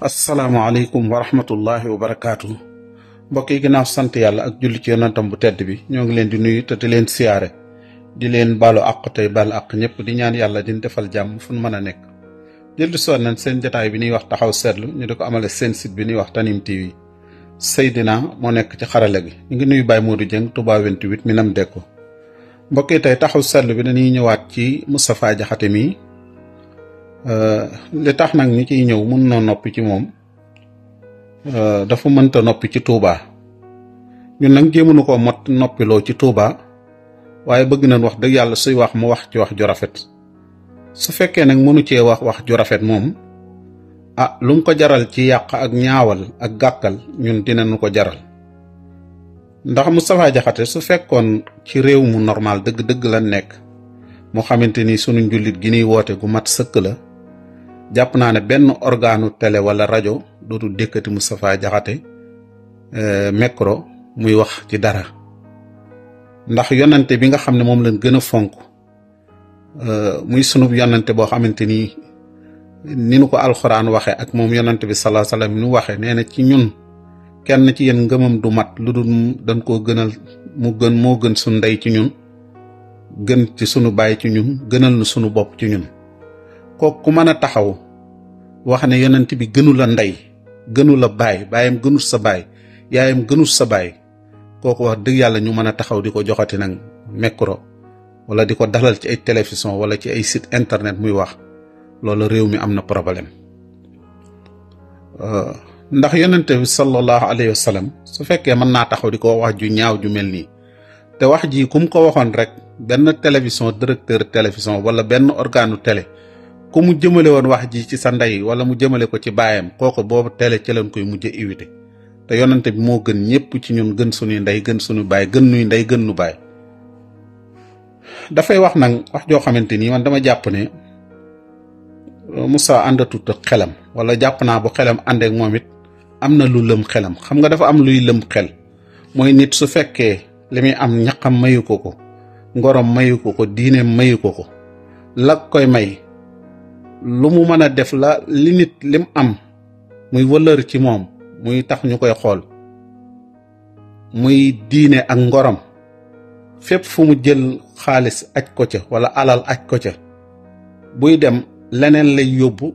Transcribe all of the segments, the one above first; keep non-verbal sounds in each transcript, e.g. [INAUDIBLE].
asalaamaaleykum wa rahmatullahi wa barakaatu mbokk yi ginnaaw sant yàlla ak julli ci yonantam bu tedd bi ñoo ngi leen di nuyu te di leen siyaare di leen baalu àq tey baalu àq ñëpp di ñaan yàlla di defal jàmm fu nu mën a nekk. jël di soon nañ seen jataay bi ñuy wax taxaw seetlu ñu di ko amale seen sit bi ñuy wax Tanim TV Seydina moo nekk ci xarale gi ñu ngi nuyu Baye Modou Dieng Touba 28 mi nam dëkk ko mbokk yi tey taxaw seetlu bi dañuy ñëwaat ci Moustapha Diakhaté mi Euh, li tax nag ñu ciy ñëw mun noo noppi ci moom euh, dafa mënta noppi ci tuubaa ñun nag jéemunu koo mott noppiloo ci Touba waaye bëgg nañ wax dëgg yàlla suy wax mu wax ci wax ju rafet su fekkee nag mënu cee wax wax ju rafet moom ah lu mu ko jaral ci yàq ak ñaawal ak gàkkal ñun nu ko jaral ndax mu Moustapha jaxate su fekkoon ci réew mu normal dëgg-dëgg la nekk moo xamante ni sunu njullit gi ñuy woote gu mat sëkk la jàpp naa ne benn organu tele wala rajo dootul dékkati Moustapha Diakhaté euh, micro muy wax ci dara ndax yonante bi nga xam ne moom lañ gën a fonk euh, muy sunub yonante boo xamante ni ni nu ko alxuraan waxe ak moom yonante bi salaa salaam nu waxe nee na ci ñun kenn ci yéen ngëmam du mat lu dul dañ koo gënal mu gën moo gën suñ ndey ci ñun gën ci sunu baay ci ñun gënal nu sunu bopp ci ñun kook ku mën a taxaw wax ne yonent bi gënu la ndey gënula la baay baayam gënul sa baay yaayam gënul sa baay kooku wax dëgg yàlla ñu mën a taxaw di ko joxati nag micro wala di ko dalal ci ay télévision wala ci ay sit internet muy wax loolu réew mi am na problème euh, ndax yonent bi sallallahu alayhi wa su fekkee mën naa taxaw di ko wax ju ñaaw ju mel nii te wax jii ku mu ko waxoon rek benn télévision directeur télévision wala benn organu télé ku mu jëmale woon wax ji ci sa ndey wala mu jëmale ko ci baayam kooko boobu tele ci lañ koy mujj éviter te yonante bi moo gën ñëpp ci ñun gën suñuy ndey gën suñu baay gën nuy ndey gën nu baay dafay wax nag wax joo xamante nii man dama jàpp ne euh, Moussa àndatut ak xelam wala jàpp naa bu xelam àndeek moom it am na lu lëm xelam xam nga dafa am luy lëm xel mooy nit su fekkee li muy am ñaqam mayu ko ko ngorom mayu ko ko diineem mayu ko ko la koy may lu mu mën a def la li nit lim am muy wëllër ci moom muy tax ñu koy xool muy diine ak ngorom fépp fu mu jël xaalis aj ko ca wala alal aj ko ca buy dem leneen lay yóbbu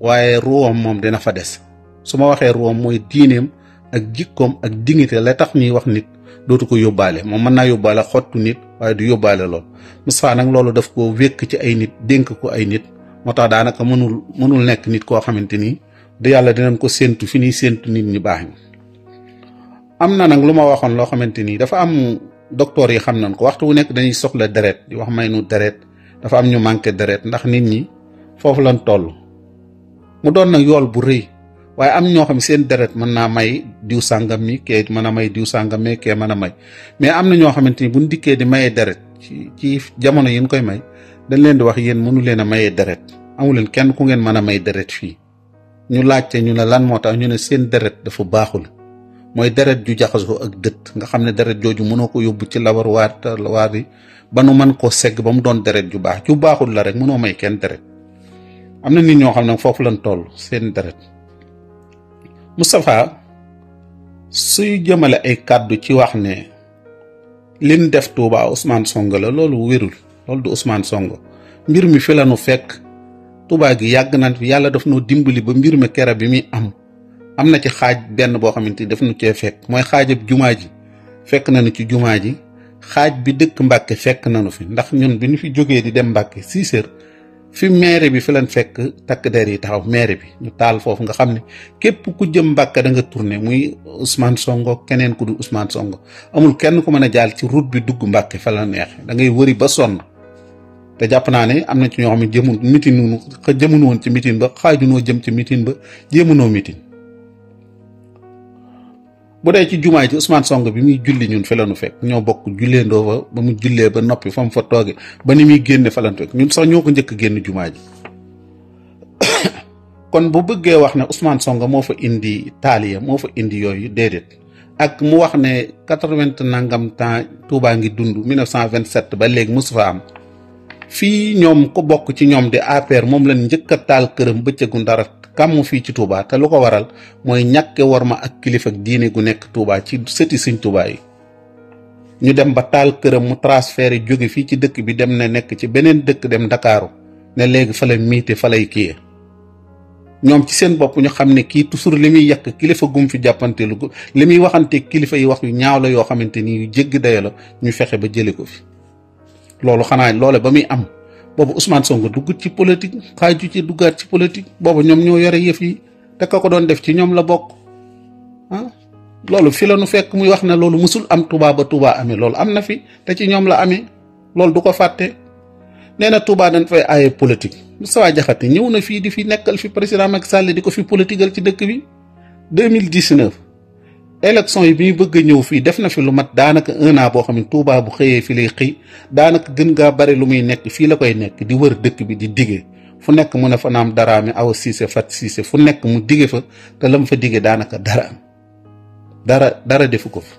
waaye ruwam moom dina fa des su ma waxee ruwam mooy diineem ak jikkoom ak dignité la tax ñuy wax nit dootu ko yóbbaale moom mën naa yóbbaale xottu nit waaye du yóbbaale lool Moustapha nag loolu daf ko wékk ci ay nit dénk ko ay nit moo tax daanaka mënul mënul nekk nit koo xamante ni du yàlla dinañ ko séentu fi ñuy séentu nit ñu baax ñi am na nag lu ma waxoon loo xamante ni dafa am docteur yi xam nañ ko waxtu wu nekk dañuy soxla deret di wax may nu deret dafa am ñu manqué deret ndax nit ñi foofu lañ toll mu doon nag yool bu rëy waaye am ñoo xam seen deret mën naa may diw sàngam mi kee mën a may diw sàngam mi kee mën a may mais am na ñoo xamante ni buñ dikkee di mayee deret ci ci jamono yi ñu koy may dañ leen di wax yéen mënu leen a mayee deret amu leen kenn ku ngeen mën a may deret fii ñu laajte ñu ne lan moo tax ñu ne seen deret dafa baaxul mooy deret ju jaxasoo ak dët nga xam ne deret jooju mënoo ko yóbbu ci laboratoire waar yi ba nu mën koo segg ba mu doon deret ju baax ju baaxul la rek mënoo may kenn deret am na nit ñoo xam ne foofu lañ toll seen deret Moustapha suy jëmale ay kàddu ci wax ne lin def Touba Ousmane song la loolu wérul loolu du Ousmane songo mbir mi fi la nu fekk Touba gi yàgg na yàlla daf noo dimbali ba mbir mi kera bi muy am am na ci xaaj benn boo xamante ni daf nu cee fekk mooy xaajab jumaa ji fekk nañu ci jumaa ji xaaj bi dëkk Mbàkke fekk nañu fi ndax ñun bi ñu fi jógee di dem Mbàkke six heures fi maire bi fi lañ fekk takk der yi taxaw maire bi ñu taal foofu nga xam ne képp ku jëm Mbàkke da nga tourné muy usmaan Sonko keneen ku du usmaan songo amul kenn ku mën a jaal ci route bi dugg Mbàkke fa te jàpp naa ne am na ci ñoo xam ne jëmu mitin nu woon ci mitin ba xaajunoo jëm ci mitin ba jéemunoo mitin bu dee ci jumaay ji Ousmane Sonko bi muy julli ñun fa nu fekk ñoo bokk julleendoo fa ba mu jullee ba noppi fa mu fa tooge ba ni muy génne fa fekk ñun sax ñoo ko njëkk génn jumaa ji [COUGHS] kon bu bëggee wax ne Ousmane Sonko moo fa indi taaliya moo fa indi yooyu déedéet ak mu wax ne quatre-vingt nangam temps Touba ngi dund 1927 ba léegi mosu fa am fii ñoom ko bokk ci ñoom di APR moom lañ njëkk a taal këram bëccëgu ndara kàmmu fii ci Touba te lu ko waral mooy ñàkke war ma ak kilifa diine gu nekk Touba ci sëti Sëñ Touba yi ñu dem ba taal këram mu transfert jóge fii ci dëkk bi dem ne nekk ci beneen dëkk dem Ndakaaru ne léegi fa lay miite fa lay kii ñoom ci seen bopp ñu xam ne kii toujours li muy yàq kilifa gum fi jàppante lu ko li muy waxante kilifa yi wax yu ñaaw la yoo xamante ni yu jéggi dayo la ñu fexe ba jëlee ko fi loolu xanaa loole ba muy am boobu Ousmane a dugg ci politique xaaju ci duggaat ci politique boobu ñoom ñoo yore yëf yi te ka ko doon def ci ñoom la bokk ah, loolu fi la nu fekk muy wax ne loolu mësul am Touba ba Touba amee loolu am na fi te ci ñoom la amee loolu du ko fàtte nee na Touba dañ fay aaye politique Moustapha Diakhaté ñëw na fii di fi nekkal fi président Macky Sall di ko fi politiqueal ci dëkk bi 2019 élection yi bi ñu bëgg ñëw fii def na fi lu mat daanaka un an boo xam ne Touba bu xëyee fi lay xëy daanaka gën gaa bari lu muy nekk fii la koy nekk di wër dëkk bi di digee fu nekk mu ne fa naam daraami aw siise fat siise fu nekk mu digee fa te la mu fa digee daanaka dara dara dara defu ko fa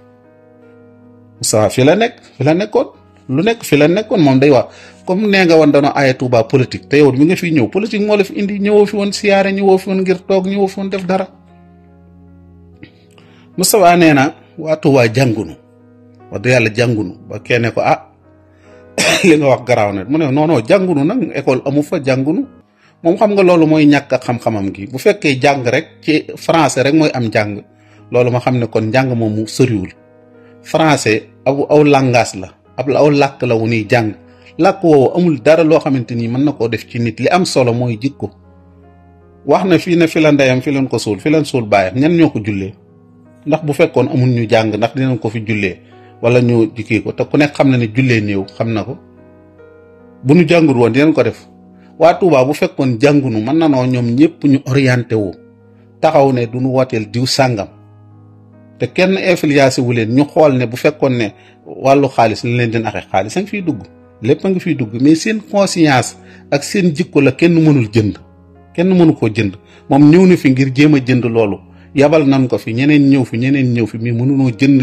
Moussa fi la nekk la nekkoon lu nekk fi la nekkoon moom day wax comme nee nga woon danoo aaye Touba politique te yow mi nga fi ñëw politique moo la fi indi ñëwoo fi woon siyaare ñëwoo fi woon ngir toog ñëwoo fi woon def dara. Moustapha nee na waa Touba jàngunu wax dëgg yàlla jàngunu ba kenn ko ah [COUGHS] li nga wax garaaw na mu ne non non jàngunu nag école amu fa jàngunu moom xam nga loolu mooy ñàkk ak xam-xamam gi bu fekkee jàng rek ci français rek mooy am jàng loolu ma xam ne kon njàng moom mu sëriwul français aw aw langage la ab aw làkk la wu ñuy jàng làkk woowu amul dara loo xamante ni mën na koo def ci nit li am solo mooy jikko wax na fii ne fi la ndeyam fi leen ko suul fi leen suul baayam ñan ñoo ko jullee ndax bu fekkoon amul ñu jàng ndax dinañ ko fi jullee wala ñu kii ko te ku nekk xam na ne jullee néew xam na ko bu ñu jàngut woon dinañ ko def waa Touba bu fekkoon jàngunu mën na noo ñoom ñëpp ñu orienté wu taxaw ne du ñu wooteel diw sàngam te kenn influencé wu leen ñu xool ne bu fekkoon ne wàllu xaalis lañ leen di naxe xaalis a ngi fiy dugg lépp a ngi fiy dugg mais seen conscience ak seen jikko la kenn mënul jënd kenn mënu koo jënd moom ñëw na fi ngir jéem a jënd loolu. yabal nan ko fi ñeneen ñëw fi ñeneen ñëw fi mais mënunoo jënd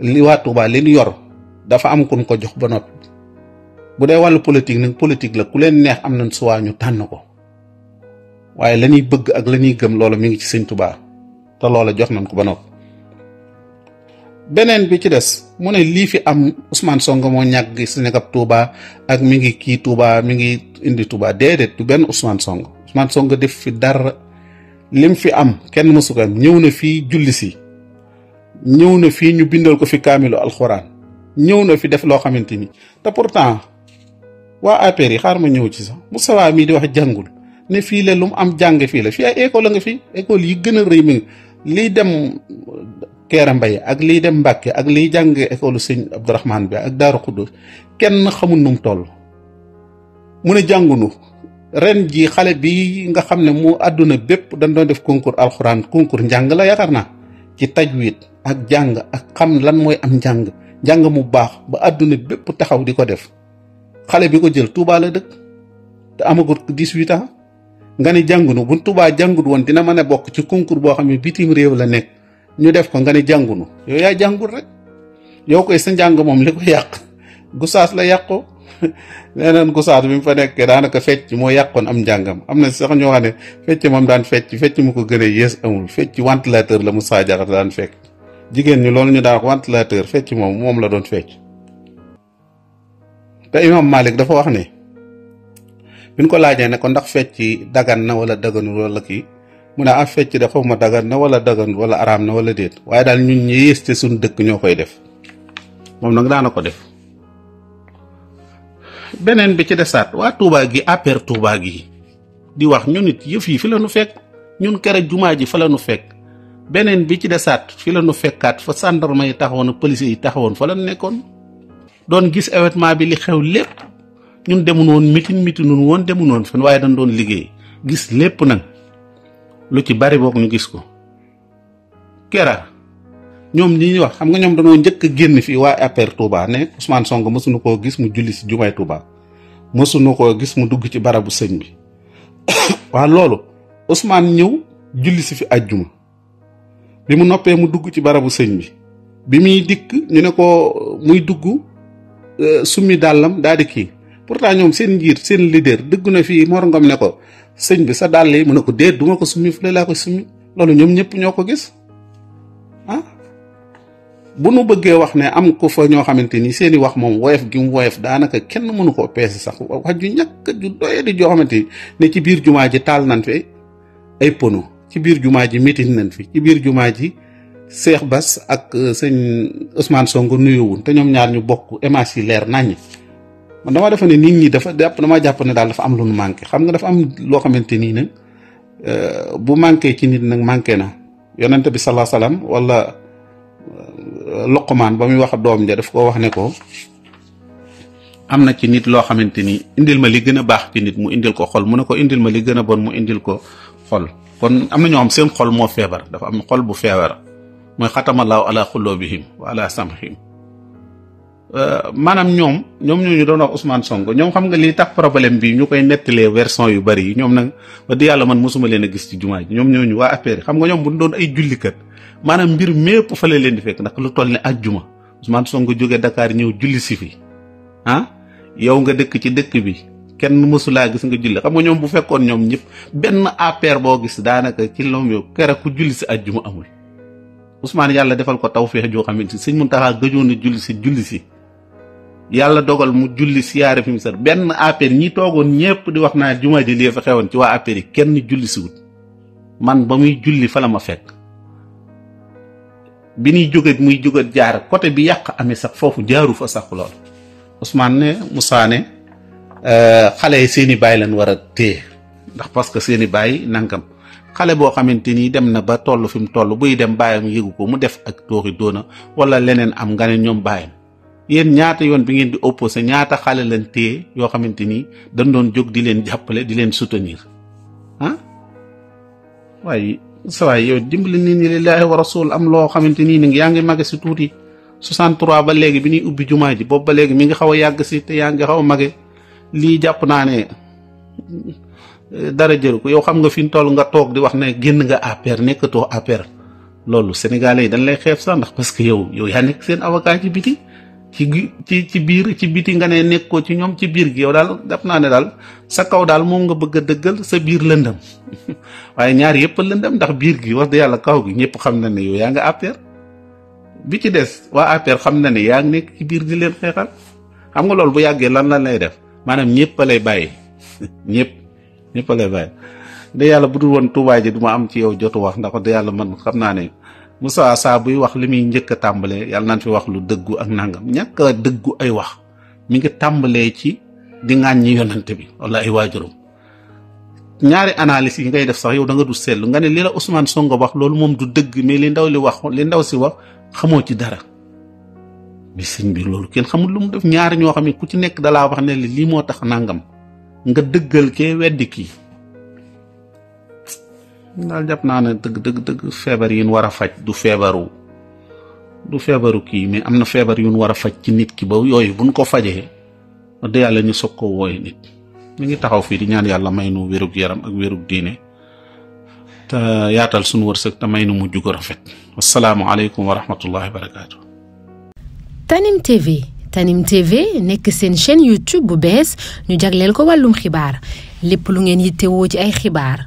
li waa tuubaa leen yor dafa am kun ko jox ba noppi bu dee wàllu politique nag politique la ku leen neex am nañ suwaa ñu tànn ko waaye la ñuy bëgg ak la ñuy gëm loolu mi ngi ci sëñ Touba te loola jox nañ ko ba beneen bi ci des mu ne lii fi am Ousmane Sonko moo ñàkk si nekkab Touba ak mi ngi kii tuubaa mi ngi indi Touba déedéet du benn Ousmane Sonko Ousmane Sonko def fi dara. lim fi am kenn mësuka am ñëw na fii julli si ñëw na fii ñu bindal ko fi kaamilu alxuraan ñëw na fi def loo xamante ni te pourtant waa APR yi xaar ma ñëw ci sax sawaa mii di wax jàngul ne fii la lu mu am jàng fii la fii ay école la nga fi école yi gën a rëy mi liy dem Kera mbay ak liy dem Mbàkke ak liy jàng école sëñ Abdourahmane bi ak Daaru Xuddoos kenn xamul nu mu toll mu ne jàngunu ren jii xale bi nga xam ne mu àdduna bépp dañ doon def concours alxuraan concours njàng la yaakaar naa ci taj tajwid ak jàng ak xam lan mooy am njàng njàng mu baax ba àdduna bépp taxaw di ko def xale bi ko jël Touba la dëkk te amagut 18 ans nga ne jàngunu bu Touba jàngut woon dina mën a bokk ci concours boo xam ne bitim réew la nekk ñu def ko nga ne jàngunu yow yaa jàngul rek yow koy sa njàng moom li ko yàq gusaas la yàqoo [LAUGHS] nee nañ ko saatu bi mu fa nekkee daanaka fecc moo yàqoon am njàngam am na sax ñoo xam ne fecc moom daan fecc fecc mu ko gën a yées amul fecc ventilateur la Moussa Diakhaté daan fekk jigéen ñi loolu ñu daan ventilateur fecc moom moom la doon fecc te Imam Malik dafa wax ne bi ko laajee ne ko ndax fecc daggan na wala daganul wala mu ne ah fecc de xaw ma dagan na wala daganul wala araam na wala déet waaye daal ñun ñi yées te suñu dëkk ñoo koy def moom nag daana ko def beneen bi ci desaat waa tuubaa gi APR Touba gi di wax ñu nit yëf yi fi la nu fekk ñun kere jumaa ji fa la nu fekk beneen bi ci desaat fi la nu fekkaat fa sàndarma yi taxawoon ak police yi taxawoon fa la nekkoon doon gis événement bi li xew lépp ñun demun woon mitin mitinun woon demun woon fen waaye dañ doon liggéey gis lépp nag lu ci bari boog ñu gis ko kera ñoom ñi ñuy wax xam nga ñoom dañoo njëkk a génn fii waa APR Touba ne Ousmane Sonko mësuñu koo gis mu julli si jumaay Touba mësuñu koo gis mu dugg ci barabu sëñ bi [COUGHS] waa loolu Ousmane ñëw jullisi si fi àjjuma bi mu noppee mu dugg ci barabu sëñ bi bi muy dikk ñu ne ko muy dugg euh, summi dàllam daal di kii pourtant ñoom seen njiit seen leader dëgg na fii Mor Ngom ne ko sëñ bi sa dàll yi mu ne ko déet duma ko summi fële laa ko summi loolu ñoom ñëpp ñoo ko gis bu nu bëggee wax ne am ko fa ñoo xamante ni seeni wax moom woyof gi mu woyof daanaka kenn mënu koo peese sax wax ju ñàkk ju doye di joo xamante ne ci biir jumaa ji taal nañ fi ay pono ci biir jumaa ji mitin nañ fi ci biir jumaa ji Cheikh Bass ak euh, sëñ Ousmane Sonko nuyuwun te ñoom ñaar ñu bokk émage yi leer naññ man dama defe ne nit ñi dafa jàpp dama jàpp ne daal dafa am lu nu manqué xam nga dafa am loo xamante nii nag euh, bu manqué ci nit nag manqué na yonent bi salaa salaam wala Luqmaan ba muy wax doom ja daf koo wax ne ko am na ci nit loo xamante ni indil ma li gën a baax ci nit mu indil ko xol mu ne ko indil ma li gën a bon mu indil ko xol kon am na ñoo xam seen xol moo feebar dafa am xol bu feebar mooy xatamalaahu ala xulóobihim wa ala samhim Euh, maanaam ñoom ñoom ñooñu doon wax Ousmane Sonko ñoom xam nga lii tax problème bi ñu koy nettalee version yu bari yi ñoom nag wax dëgg yàlla man mosuma leen a gis ci jumaa ji ñoom ñooñu waa APR xam nga ñoom bu ñu doon ay jullikat maanaam mbir mépp fa la leen di fekk ndax lu toll ne ajjuma Ousmane Sonko jóge Dakar ñëw julli si fi ah yow nga dëkk ci dëkk bi kenn mësulaa gis nga julli xam nga ñoom bu fekkoon ñoom ñëpp benn APR boo gis daanaka ci loom yow kera ku julli si ajjuma amul Ousmane yàlla defal ko tawfeex joo xamante sëñ Muntaxa gëjoon na julli si julli si yàlla dogal mu julli siyaare fi mu benn APR ñi toogoon ñëpp di wax naa jumaa ji lii fa xewoon ci waa APR yi kenn julli siwut man ba muy julli fa la ma fekk bi ñuy jóge muy jóge jaar côté bi yàq amee sax foofu jaaru fa sax lool Ousmane ne Moussa ne euh, xale yi seen i bàyyi leen war a téye ndax parce que seen i bàyyi nangam xale boo xamante nii dem na ba toll fi mu toll buy dem bàyyam yëgu ko mu def ak tooxi doona wala leneen am nga ne ñoom bàyyam yéen ñaata yoon bi ngeen di sa ñaata xale lañ téye yoo xamante ni dañ doon jóg di leen jàppale di leen soutenir ah waaye sa waay yow dimbali nit ñi lillaahi wa am loo xamante nii ni yaa ngi mage si tuuti 63 ba léegi bi ñuy ubbi jumaa ji boobu ba léegi mi ngi xaw a yàgg si te yaa ngi xaw a mage lii jàpp naa ne eh, dara jëru ko yow xam nga fi ñu toll nga toog di wax ne génn nga APR nekkatoo APR loolu sénégalais yi dañ lay xeeb sax ndax parce que yow yow yaa seen avocat ci ci ci ci biir ci biti nga ne nekk ci ñoom ci biir gi yow daal def naa ne daal sa kaw daal moom nga bëgg a dëggal sa biir lëndëm [LAUGHS] waaye ñaar yëpp lëndëm ndax biir gi wax dëgg yàlla kaw gi ñëpp xam na ne yow yaa nga APR bi ci des waa APR xam na ne yaa nekk ci biir di leen xeexal xam nga loolu bu yàggee lan la lay def maanaam ñëpp a lay bàyyi [LAUGHS] ñëpp ñëpp lay bàyyi de yàlla bu dul woon tuubaay ji duma am ci yow jotu wax ndax de yàlla man xam naa ne Moussa saa buy wax li muy njëkk a tàmbalee yàlla nañ fi wax lu dëggu ak nangam ñàkk a dëggu ay wax mi ngi tàmbalee ci di ŋàññi yonante bi wala ay waajuram ñaari analyse yi ngay def sax yow danga nga du seetlu nga ne li la Ousmane Sonko wax loolu moom du dëgg mais li ndaw li wax li ndaw si wax xamoo ci dara mais sëñ bi loolu kenn xamul lu mu def ñaari ñoo xam ne ku ci nekk dalaa wax ne li lii moo tax nangam nga dëggal kee weddi kii daal jàpp naa ne dëgg dëgg feebar yi ñu war a faj du feebaru du feebaru kii mais am na feebar yu ñu war a faj ci nit ki ba yooyu buñ ko fajee wax dëgg yàlla ñu soog ko wooye nit ñu ngi taxaw fii di ñaan yàlla may nu wérug yaram ak wérug diine te yaatal suñu wërsëg te may nu mujj ko rafet wasalaamualeykum wa rahmatullahi wa barakaatu. Tanim nekk seen chaîne YouTube bu bees ñu jagleel ko wàllum xibaar lépp lu ngeen yittewoo ci ay xibaar.